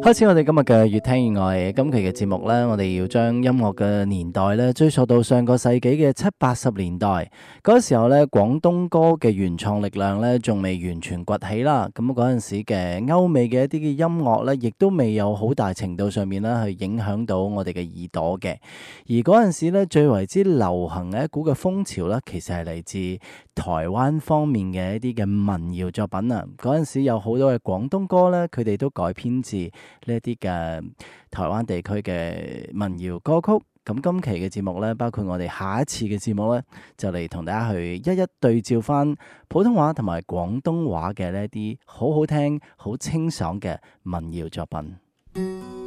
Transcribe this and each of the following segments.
開始我哋今日嘅越聽越愛。今期嘅節目呢，我哋要將音樂嘅年代呢，追溯到上個世紀嘅七八十年代。嗰時候呢，廣東歌嘅原創力量呢，仲未完全崛起啦。咁嗰陣時嘅歐美嘅一啲嘅音樂呢，亦都未有好大程度上面呢去影響到我哋嘅耳朵嘅。而嗰陣時呢，最為之流行嘅一股嘅風潮呢，其實係嚟自台灣方面嘅一啲嘅民謠作品啊。嗰陣時有好多嘅廣東歌呢，佢哋都改編自。呢一啲嘅台灣地區嘅民謠歌曲，咁今期嘅節目咧，包括我哋下一次嘅節目咧，就嚟同大家去一一對照返普通話同埋廣東話嘅呢一啲好好聽、好清爽嘅民謠作品。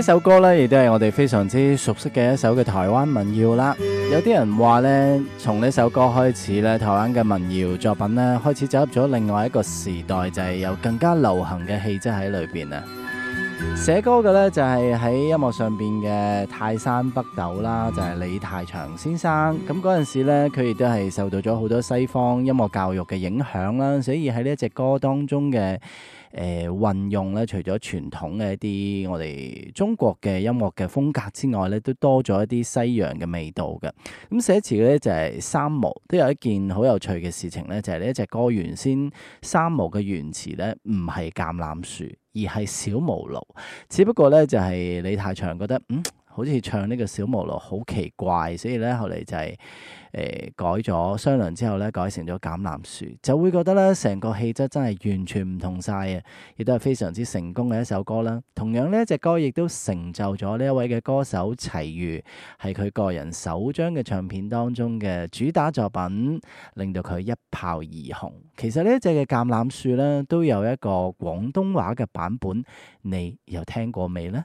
呢首歌呢，亦都係我哋非常之熟悉嘅一首嘅台灣民謠啦。有啲人話呢，從呢首歌開始呢，台灣嘅民謠作品呢，開始走入咗另外一個時代，就係有更加流行嘅氣質喺裏邊啊。寫歌嘅呢，就係喺音樂上邊嘅泰山北斗啦，就係李泰祥先生。咁嗰陣時咧，佢亦都係受到咗好多西方音樂教育嘅影響啦，所以喺呢一隻歌當中嘅。誒、呃、運用咧，除咗傳統嘅一啲我哋中國嘅音樂嘅風格之外咧，都多咗一啲西洋嘅味道嘅。咁寫詞嘅咧就係、是、三毛，都有一件好有趣嘅事情咧，就係呢一隻歌原先三毛嘅原詞咧唔係橄欖樹，而係小毛驢。只不過咧就係、是、李泰祥覺得嗯好似唱呢個小毛驢好奇怪，所以咧後嚟就係、是。誒，改咗商量之後咧，改成咗《橄欖樹》，就會覺得咧，成個氣質真係完全唔同晒啊！亦都係非常之成功嘅一首歌啦。同樣呢一隻歌，亦都成就咗呢一位嘅歌手齊豫，係佢個人首張嘅唱片當中嘅主打作品，令到佢一炮而紅。其實呢一隻嘅《橄欖樹》咧，都有一個廣東話嘅版本，你又聽過未呢？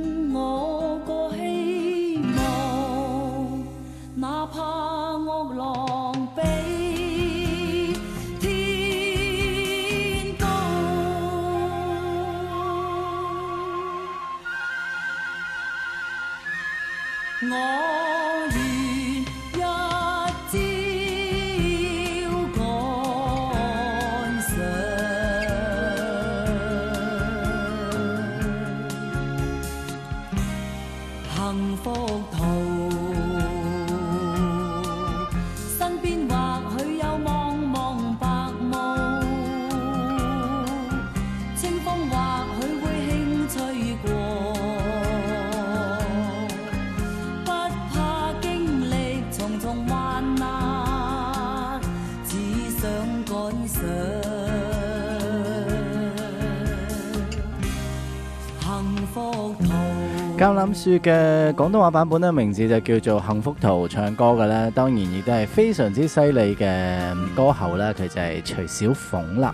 《橄欖樹》嘅廣東話版本咧，名字就叫做《幸福圖》。唱歌嘅咧，當然亦都係非常之犀利嘅歌喉啦，佢就係徐小鳳啦。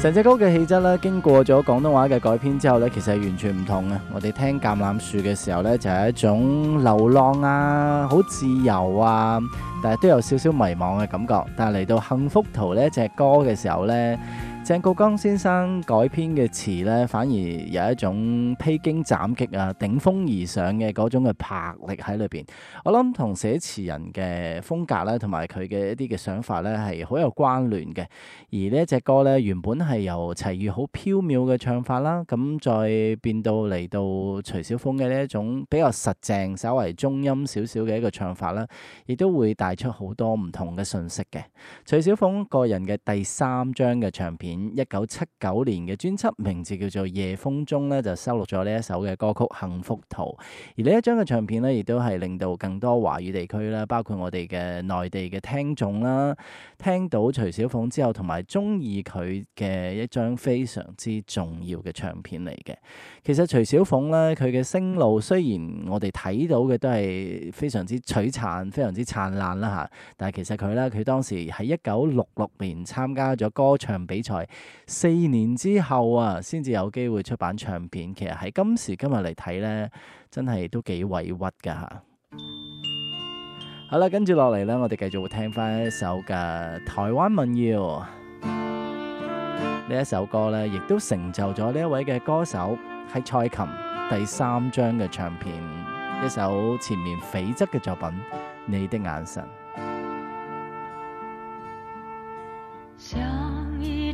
成隻歌嘅氣質咧，經過咗廣東話嘅改編之後咧，其實完全唔同啊！我哋聽《橄欖樹》嘅時候咧，就係一種流浪啊、好自由啊，但係都有少少迷茫嘅感覺。但係嚟到《幸福圖》呢隻歌嘅時候咧，鄭國江先生改編嘅詞咧，反而有一種披荊斬棘啊，頂峰而上嘅嗰種嘅魄力喺裏邊。我諗同寫詞人嘅風格咧，同埋佢嘅一啲嘅想法咧，係好有關聯嘅。而呢一隻歌咧，原本係由齊豫好飄渺嘅唱法啦，咁再變到嚟，到徐小鳳嘅呢一種比較實淨、稍為中音少少嘅一個唱法啦，亦都會帶出好多唔同嘅信息嘅。徐小鳳個人嘅第三張嘅唱片。一九七九年嘅專輯名字叫做《夜風中》，咧就收錄咗呢一首嘅歌曲《幸福圖》。而呢一張嘅唱片呢，亦都係令到更多華語地區啦，包括我哋嘅內地嘅聽眾啦，聽到徐小鳳之後，同埋中意佢嘅一張非常之重要嘅唱片嚟嘅。其實徐小鳳呢，佢嘅聲路雖然我哋睇到嘅都係非常之璀璨、非常之燦爛啦吓，但係其實佢啦，佢當時喺一九六六年參加咗歌唱比賽。四年之後啊，先至有機會出版唱片。其實喺今時今日嚟睇呢，真係都幾委屈噶吓。好啦，跟住落嚟呢，我哋繼續會聽翻一首嘅台灣民謠，呢一首歌呢，亦都成就咗呢一位嘅歌手喺蔡琴第三張嘅唱片一首前面斐澤嘅作品《你的眼神》。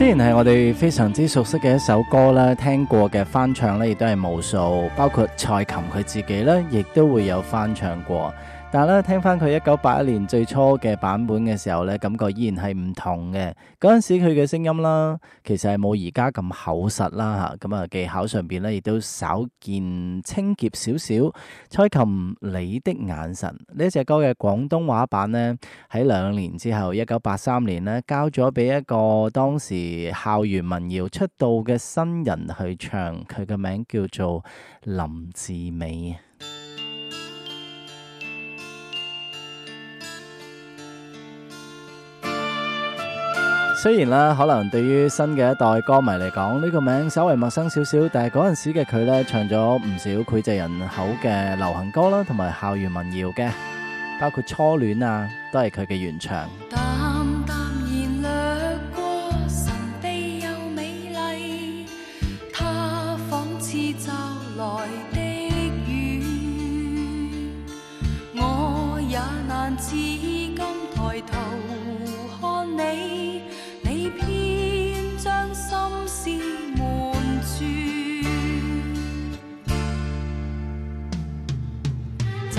雖然係我哋非常之熟悉嘅一首歌啦，聽過嘅翻唱呢亦都係無數，包括蔡琴佢自己呢，亦都會有翻唱過。但係咧，聽翻佢一九八一年最初嘅版本嘅時候呢，感覺依然係唔同嘅。嗰陣時佢嘅聲音啦，其實係冇而家咁厚實啦吓。咁啊，技巧上邊呢，亦都稍見青澀少少。蔡琴，你的眼神呢一隻歌嘅廣東話版呢，喺兩年之後，一九八三年呢，交咗俾一個當時校園民謠出道嘅新人去唱，佢嘅名叫做林志美。雖然咧，可能對於新嘅一代歌迷嚟講，呢個名稍為陌生少少，但係嗰陣時嘅佢咧，唱咗唔少膾炙人口嘅流行歌啦，同埋校園民謠嘅，包括《初戀》啊，都係佢嘅原唱。淡淡然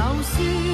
就算。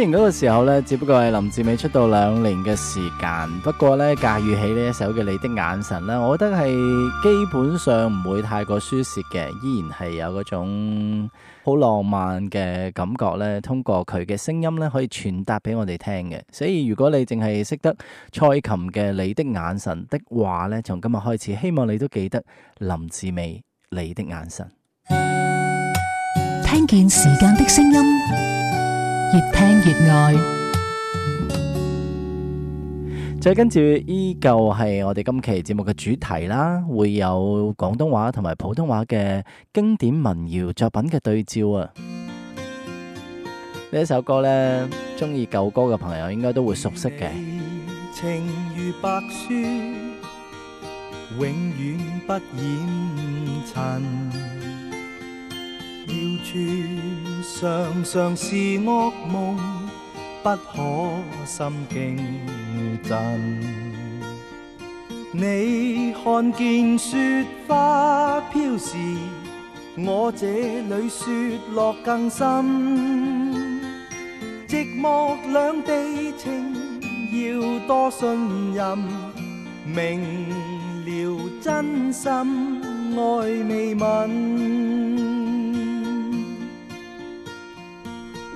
雖然嗰個時候呢，只不過係林志美出道兩年嘅時間，不過呢，駕馭起呢一首嘅你的眼神呢，我覺得係基本上唔會太過舒蝕嘅，依然係有嗰種好浪漫嘅感覺呢，通過佢嘅聲音呢，可以傳達俾我哋聽嘅。所以如果你淨係識得蔡琴嘅你的眼神的話呢，從今日開始，希望你都記得林志美你的眼神。聽見時間的聲音。越聽越愛，再跟住依舊係我哋今期節目嘅主題啦，會有廣東話同埋普通話嘅經典民謠作品嘅對照啊！呢一首歌呢，中意舊歌嘅朋友應該都會熟悉嘅。情如白雪，永遠不染塵。處常常是惡夢，不可心驚震。你看見雪花飄時，我這裏雪落更深。寂寞兩地情，要多信任，明瞭真心愛未泯。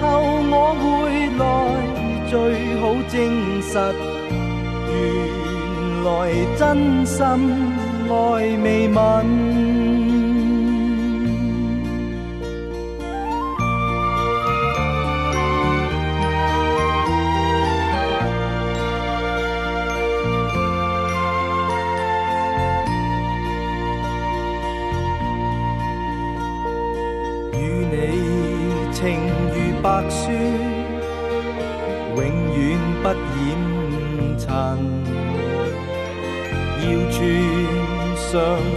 後我回來，最好證實，原來真心愛未泯。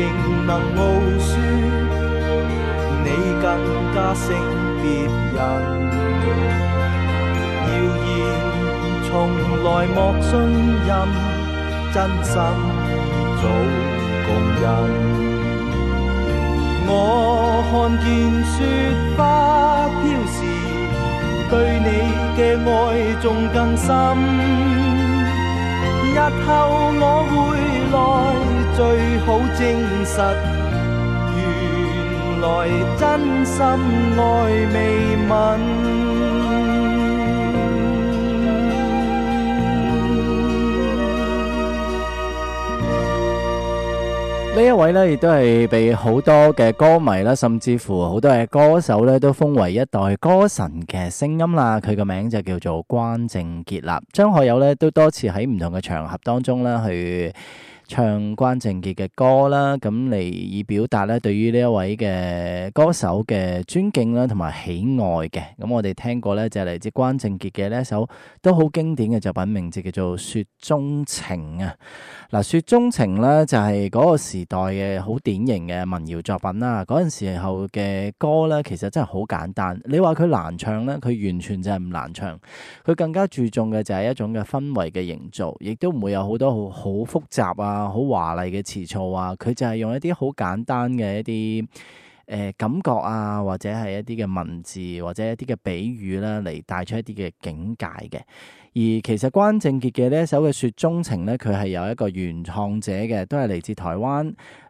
仍能傲雪，你更加勝別人。謠言從來莫信任，真心早共人。我看見雪花飄時，對你嘅愛仲更深。日後我回來最好證實，原來真心愛未泯。呢一位呢亦都係被好多嘅歌迷啦，甚至乎好多嘅歌手呢都封為一代歌神嘅聲音啦。佢個名就叫做關正傑啦。張學友呢都多次喺唔同嘅場合當中呢去。唱關正傑嘅歌啦，咁嚟以表達咧對於呢一位嘅歌手嘅尊敬啦，同埋喜愛嘅。咁我哋聽過咧就係嚟自關正傑嘅呢一首都好經典嘅作品，名字叫做《雪中情》啊。嗱，《雪中情》咧就係嗰個時代嘅好典型嘅民謠作品啦。嗰陣時候嘅歌咧，其實真係好簡單。你話佢難唱咧，佢完全就係唔難唱。佢更加注重嘅就係一種嘅氛圍嘅營造，亦都唔會有好多好好複雜啊。啊！好華麗嘅詞藻啊，佢就係用一啲好簡單嘅一啲誒、呃、感覺啊，或者係一啲嘅文字，或者一啲嘅比喻啦，嚟帶出一啲嘅境界嘅。而其實關正傑嘅呢一首嘅《雪中情》咧，佢係有一個原創者嘅，都係嚟自台灣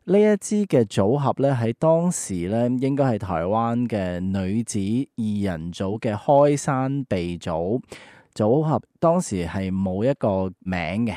呢一支嘅組合咧。喺當時咧，應該係台灣嘅女子二人組嘅開山鼻祖組,組合，當時係冇一個名嘅。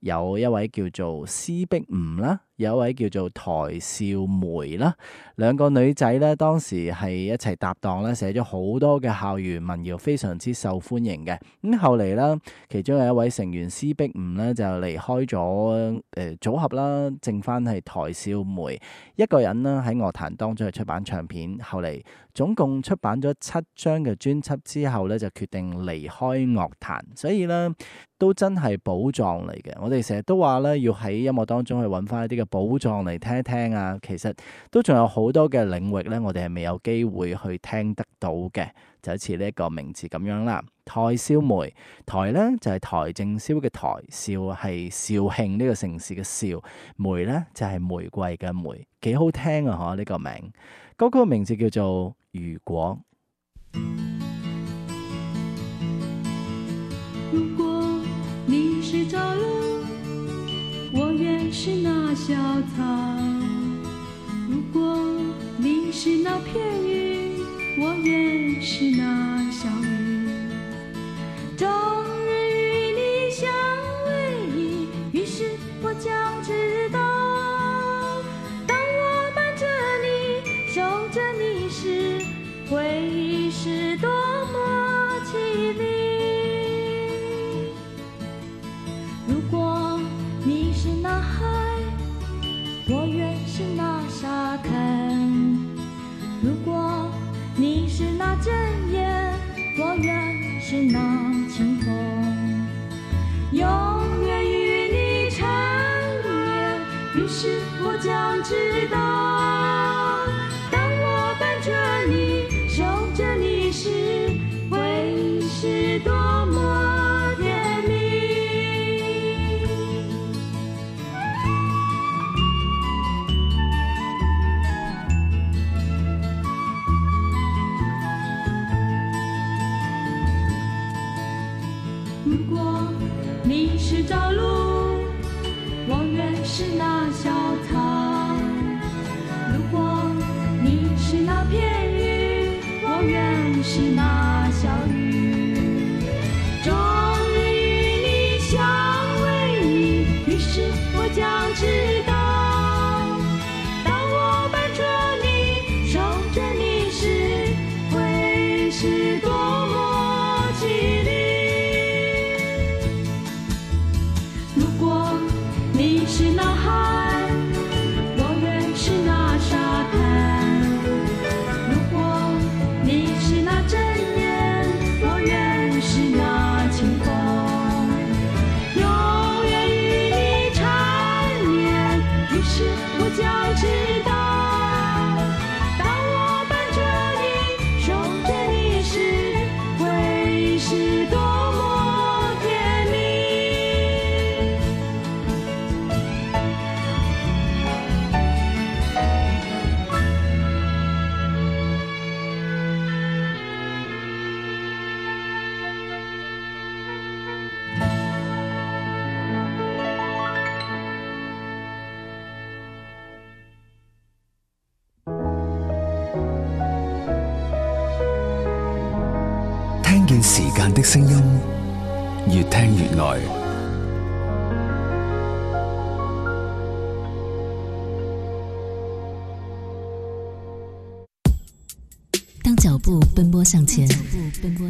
有一位叫做施碧梧啦。B 有一位叫做台少梅啦，兩個女仔咧當時係一齊搭檔啦，寫咗好多嘅校園民謠非常之受歡迎嘅。咁後嚟咧，其中有一位成員施碧梧咧就離開咗誒、呃、組合啦，剩翻係台少梅一個人啦喺樂壇當中去出版唱片。後嚟總共出版咗七張嘅專輯之後咧，就決定離開樂壇，所以咧都真係寶藏嚟嘅。我哋成日都話咧，要喺音樂當中去揾翻一啲嘅。寶藏嚟，聽一聽啊！其實都仲有好多嘅領域咧，我哋係未有機會去聽得到嘅，就好似呢一個名字咁樣啦。邰肇玫，台咧就係、是、邰正宵嘅台，肇係肇慶呢個城市嘅肇，玫咧就係、是、玫瑰嘅玫，幾好聽啊！嗬，呢個名，嗰個名字叫做如果。小草，如果你是那片雲，我也是那。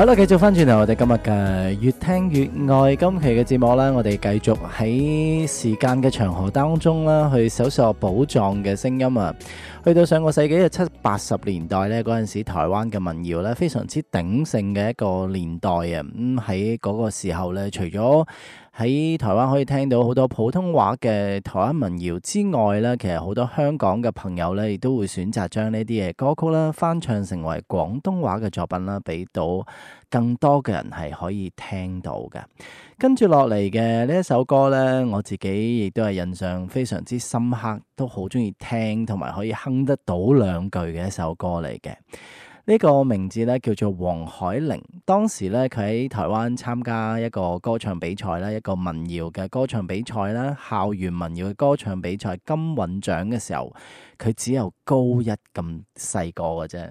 好啦，繼續返轉頭，我哋今日嘅越聽越愛今期嘅節目呢，我哋繼續喺時間嘅長河當中啦，去搜索寶藏嘅聲音啊！去到上個世紀嘅七八十年代呢，嗰陣時台灣嘅民謠呢，非常之鼎盛嘅一個年代啊！咁喺嗰個時候呢，除咗喺台灣可以聽到好多普通話嘅台灣民謠之外咧，其實好多香港嘅朋友咧，亦都會選擇將呢啲嘅歌曲啦翻唱成為廣東話嘅作品啦，俾到更多嘅人係可以聽到嘅。跟住落嚟嘅呢一首歌咧，我自己亦都係印象非常之深刻，都好鍾意聽同埋可以哼得到兩句嘅一首歌嚟嘅。呢個名字咧叫做黃海玲，當時咧佢喺台灣參加一個歌唱比賽啦，一個民謠嘅歌唱比賽啦，校園民謠嘅歌唱比賽金韻獎嘅時候，佢只有高一咁細個嘅啫。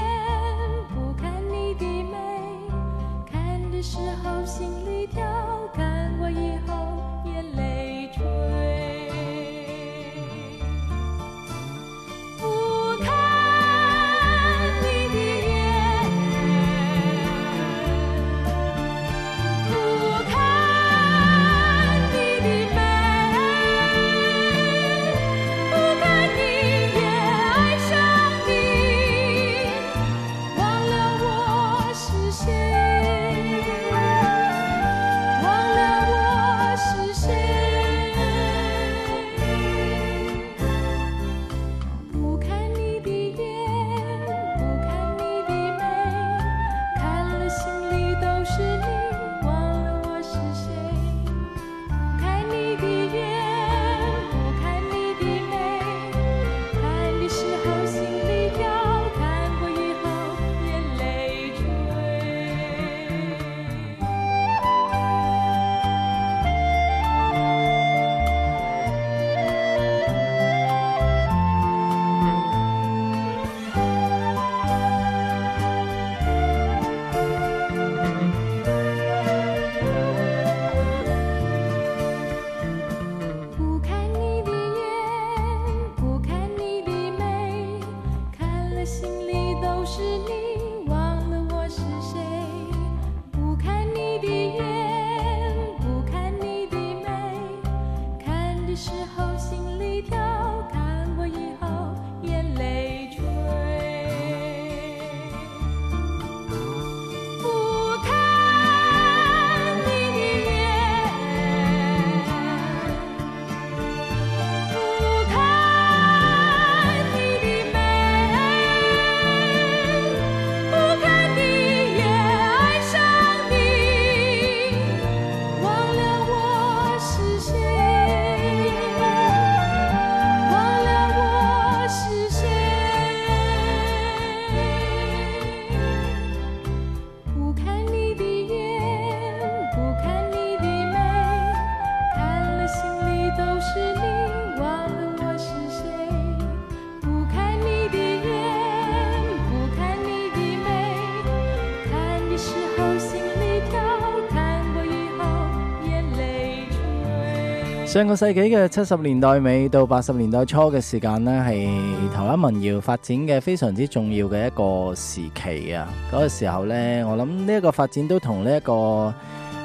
上個世紀嘅七十年代尾到八十年代初嘅時間呢，係台灣民謠發展嘅非常之重要嘅一個時期啊！嗰、那個時候呢，我諗呢一個發展都同呢一個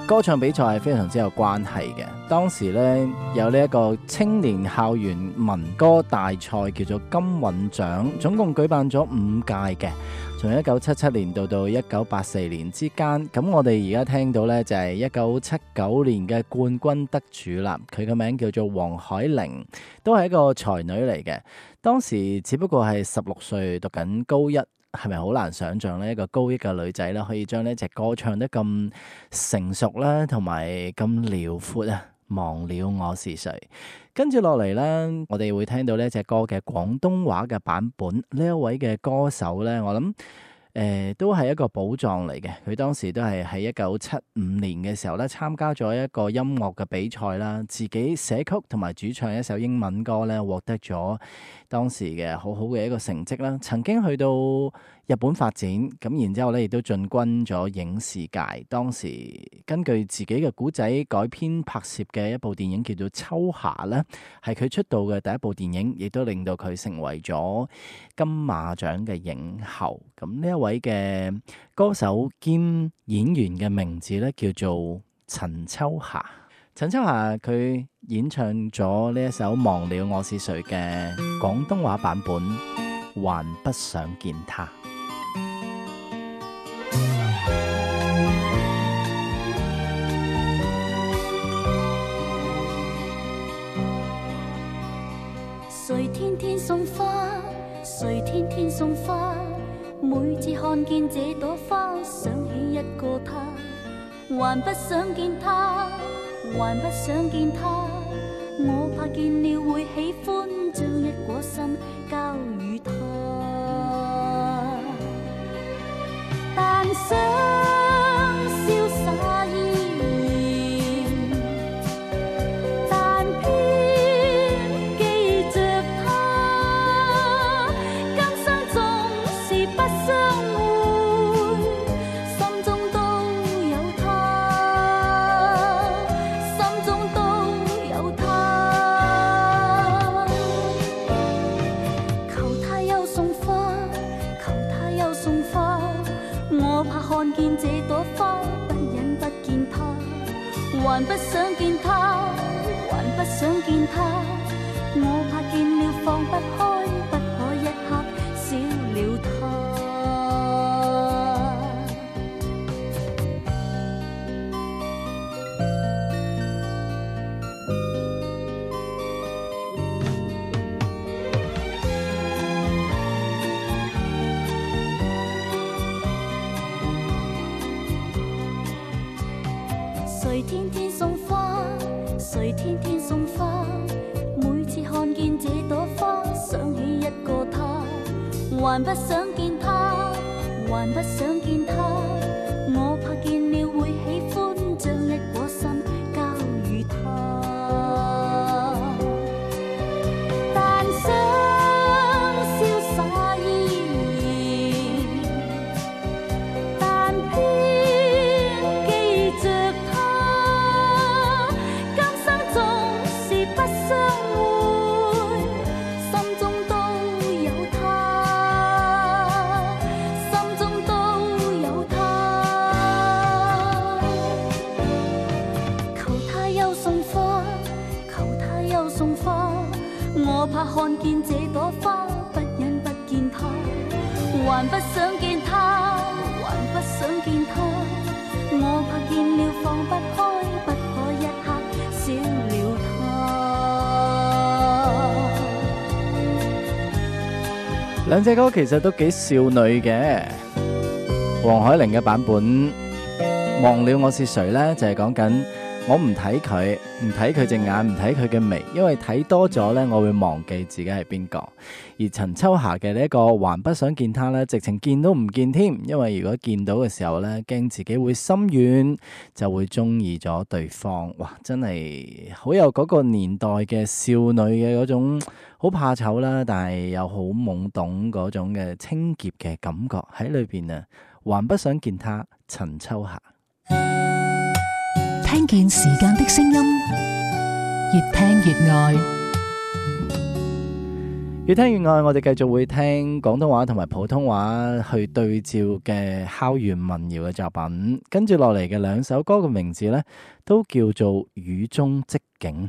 歌唱比賽係非常之有關係嘅。當時呢，有呢一個青年校園民歌大賽，叫做金韻獎，總共舉辦咗五屆嘅。從一九七七年到到一九八四年之間，咁我哋而家聽到呢，就係一九七九年嘅冠軍得主啦，佢嘅名叫做王海玲，都係一個才女嚟嘅。當時只不過係十六歲讀緊高一，係咪好難想象呢？一個高一嘅女仔呢，可以將呢隻歌唱得咁成熟啦，同埋咁遼闊啊！忘了我是誰，跟住落嚟呢，我哋會聽到呢隻歌嘅廣東話嘅版本。呢一位嘅歌手呢，我諗誒、呃、都係一個寶藏嚟嘅。佢當時都係喺一九七五年嘅時候咧，參加咗一個音樂嘅比賽啦，自己寫曲同埋主唱一首英文歌呢，獲得咗。當時嘅好好嘅一個成績啦，曾經去到日本發展，咁然之後咧亦都進軍咗影視界。當時根據自己嘅古仔改編拍攝嘅一部電影叫做《秋霞》咧，係佢出道嘅第一部電影，亦都令到佢成為咗金馬獎嘅影后。咁呢一位嘅歌手兼演員嘅名字咧，叫做陳秋霞。陳秋霞佢演唱咗呢一首《忘了我是誰》嘅廣東話版本《還不想見他》。誰天天送花？誰天天送花？每次看見這朵花，想起一個他，還不想見他。還不想見他，我怕見了會喜歡，將一顆心交予他。想見他，我怕見了放不下。還不想見他，還不想見。兩隻歌其實都幾少女嘅，黃海玲嘅版本《忘了我是誰》呢，就係講緊。我唔睇佢，唔睇佢隻眼，唔睇佢嘅眉，因為睇多咗呢，我會忘記自己係邊個。而陳秋霞嘅呢一個還不想見他呢，直情見都唔見添，因為如果見到嘅時候呢，驚自己會心軟，就會中意咗對方。哇，真係好有嗰個年代嘅少女嘅嗰種好怕醜啦，但係又好懵懂嗰種嘅清澀嘅感覺喺裡邊啊！還不想見他，陳秋霞。聽見時間的聲音，越聽越愛，越聽越愛。我哋繼續會聽廣東話同埋普通話去對照嘅校園民謠嘅作品。跟住落嚟嘅兩首歌嘅名字呢，都叫做雨中即景。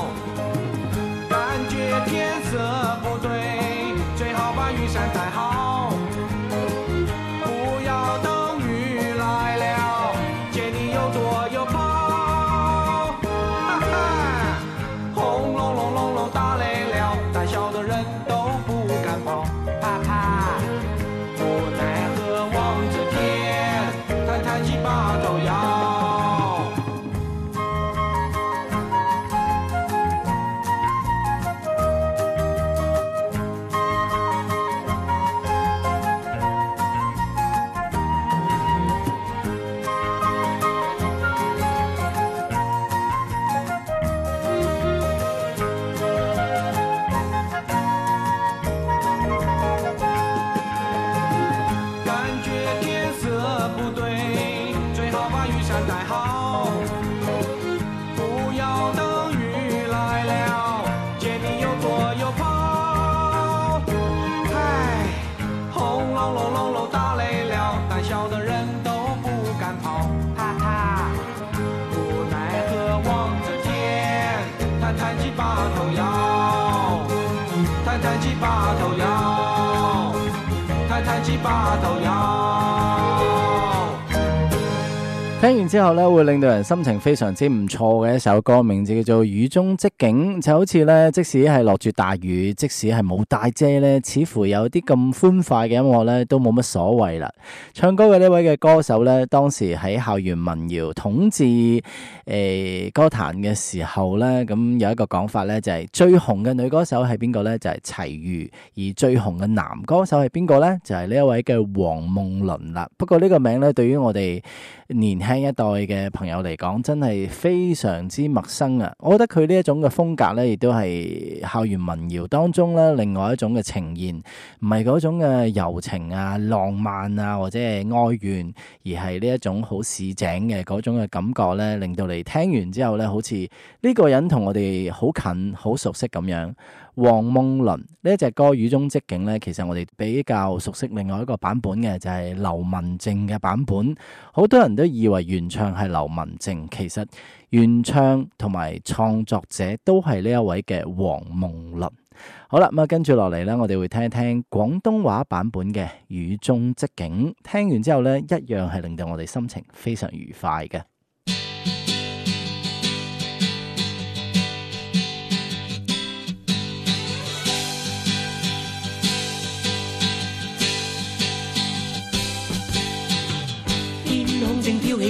把頭搖。聽完之後咧，會令到人心情非常之唔錯嘅一首歌，名字叫做《雨中即景》，就好似咧，即使係落住大雨，即使係冇帶遮咧，似乎有啲咁歡快嘅音樂咧，都冇乜所謂啦。唱歌嘅呢位嘅歌手咧，當時喺校園民謠統治誒、呃、歌壇嘅時候咧，咁有一個講法咧，就係、是、最紅嘅女歌手係邊個咧？就係、是、齊豫，而最紅嘅男歌手係邊個咧？就係呢一位嘅王夢麟啦。不過呢個名咧，對於我哋年輕，聽一代嘅朋友嚟講，真係非常之陌生啊！我覺得佢呢一種嘅風格咧，亦都係校園民謠當中咧，另外一種嘅呈現，唔係嗰種嘅柔情啊、浪漫啊，或者係哀怨，而係呢一種好市井嘅嗰種嘅感覺咧，令到你聽完之後咧，好似呢個人同我哋好近、好熟悉咁樣。王夢麟呢一隻歌《雨中即景》呢，其實我哋比較熟悉另外一個版本嘅，就係劉文靜嘅版本。好多人都以為原唱係劉文靜，其實原唱同埋創作者都係呢一位嘅王夢麟。好啦，咁啊跟住落嚟呢，我哋會聽一聽廣東話版本嘅《雨中即景》。聽完之後呢，一樣係令到我哋心情非常愉快嘅。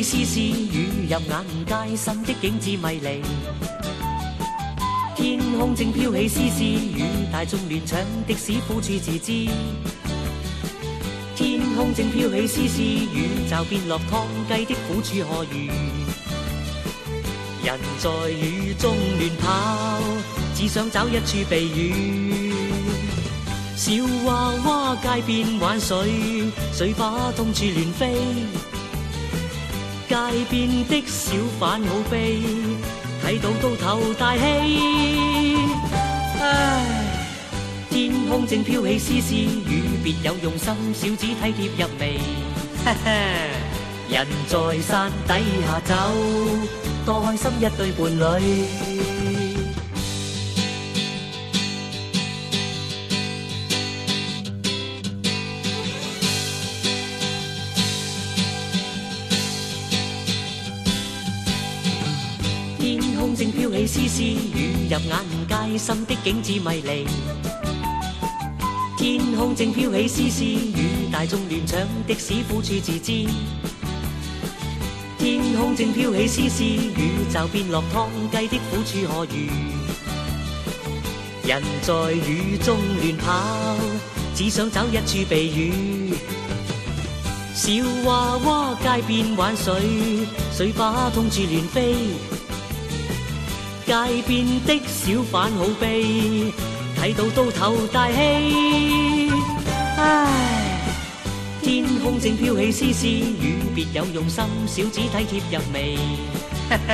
絲絲雨入眼，街心的景致迷離。天空正飄起絲絲雨，大眾亂搶的士苦處自知。天空正飄起絲絲雨，驟變落湯雞的苦處何如？人在雨中亂跑，只想找一處避雨。小娃娃街邊玩水，水花到處亂飛。街邊的小販好飛，睇到都頭大氣。唉，天空正飄起絲絲雨，別有用心，小子體貼入微。哈哈，人在山底下走，多開心一對伴侶。絲絲雨入眼，街心的景緻迷離。天空正飄起絲絲雨，大眾亂搶，的士苦處自知。天空正飄起絲絲雨，就變落湯雞的苦處何如？人在雨中亂跑，只想找一處避雨。小娃娃街邊玩水，水花通處亂飛。街邊的小販好悲，睇到都頭大氣。唉，天空正飄起絲絲雨，別有用心，小子體貼入微。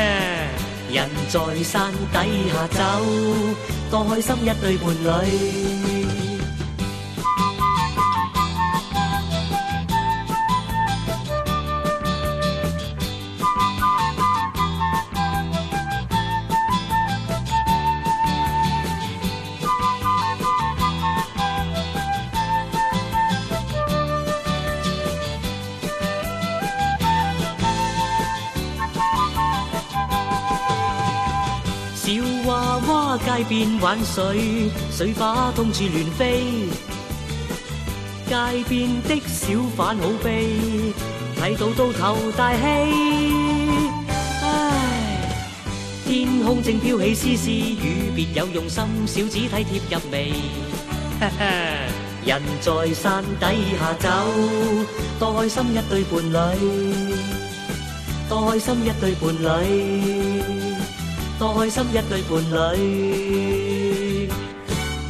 人在山底下走，多開心一對伴侶。玩水，水花通處亂飛，街邊的小販好悲，睇到都頭大氣。唉，天空正飄起絲絲雨，別有用心，小子體貼入微。人在傘底下走，多開心一對伴侶，多開心一對伴侶。多開心一對伴侶，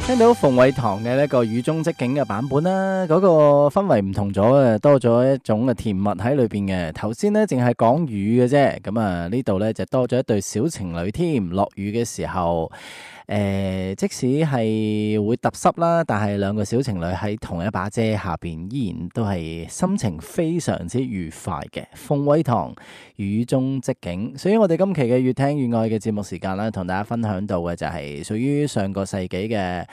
聽到馮偉棠嘅呢個雨中即景嘅版本啦，嗰個氛圍唔同咗啊，多咗一種嘅甜蜜喺裏邊嘅。頭先呢，淨係講雨嘅啫，咁啊呢度呢，就多咗一對小情侶添，落雨嘅時候。誒、呃，即使係會揼濕啦，但係兩個小情侶喺同一把遮下邊，依然都係心情非常之愉快嘅。鳳威堂雨中即景，所以我哋今期嘅越聽越愛嘅節目時間呢，同大家分享到嘅就係屬於上個世紀嘅。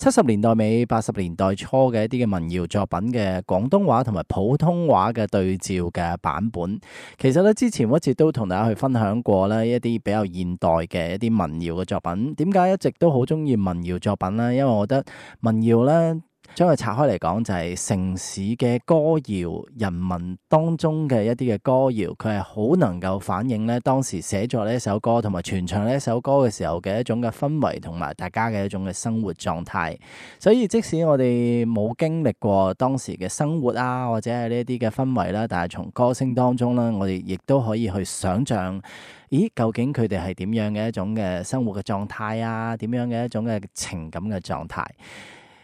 七十年代尾、八十年代初嘅一啲嘅民謠作品嘅廣東話同埋普通話嘅對照嘅版本，其實咧之前一直都同大家去分享過咧一啲比較現代嘅一啲民謠嘅作品。點解一直都好中意民謠作品咧？因為我覺得民謠咧。將佢拆開嚟講，就係城市嘅歌謠，人民當中嘅一啲嘅歌謠，佢係好能夠反映咧當時寫作呢一首歌，同埋傳唱呢一首歌嘅時候嘅一種嘅氛圍，同埋大家嘅一種嘅生活狀態。所以即使我哋冇經歷過當時嘅生活啊，或者係呢一啲嘅氛圍啦，但係從歌聲當中啦，我哋亦都可以去想像，咦，究竟佢哋係點樣嘅一種嘅生活嘅狀態啊？點樣嘅一種嘅情感嘅狀態？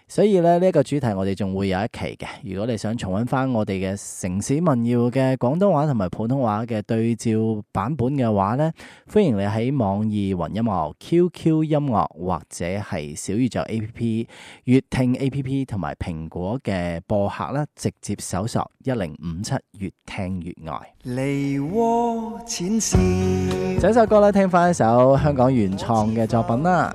所以咧，呢一個主題我哋仲會有一期嘅。如果你想重溫翻我哋嘅城市民謠嘅廣東話同埋普通話嘅對照版本嘅話呢，歡迎你喺網易雲音樂、QQ 音樂或者係小宇宙 APP、越聽 APP 同埋蘋果嘅播客啦，直接搜索一零五七越聽越愛。第一首歌咧，聽翻一首香港原創嘅作品啦。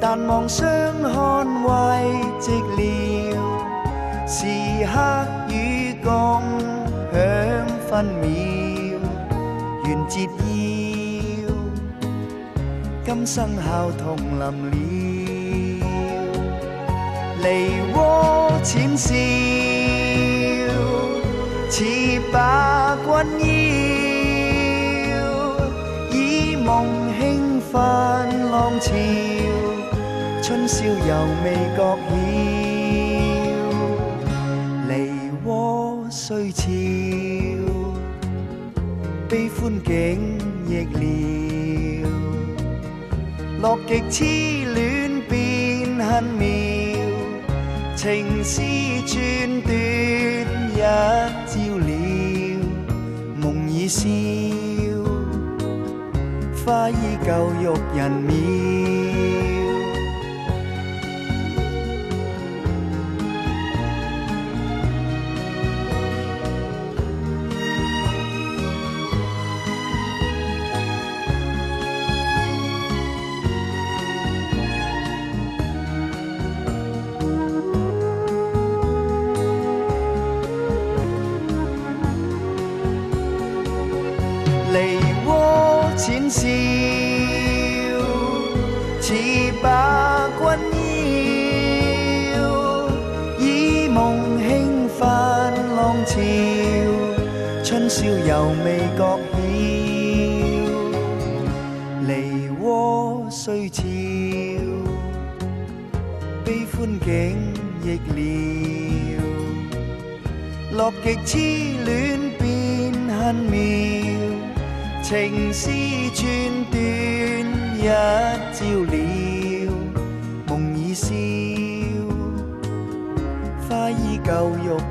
但望相看慰寂寥，時刻與共享分秒，願折腰。今生效同林鳥，梨渦淺笑，似把君邀，以夢興奮浪潮。春宵猶未覺曉，梨渦雖俏，悲歡景亦了。樂極痴戀變恨妙，情絲寸斷一朝了，夢已消，花依舊，玉人渺。極痴戀變恨妙，情絲寸斷一朝了，夢已消，花依舊。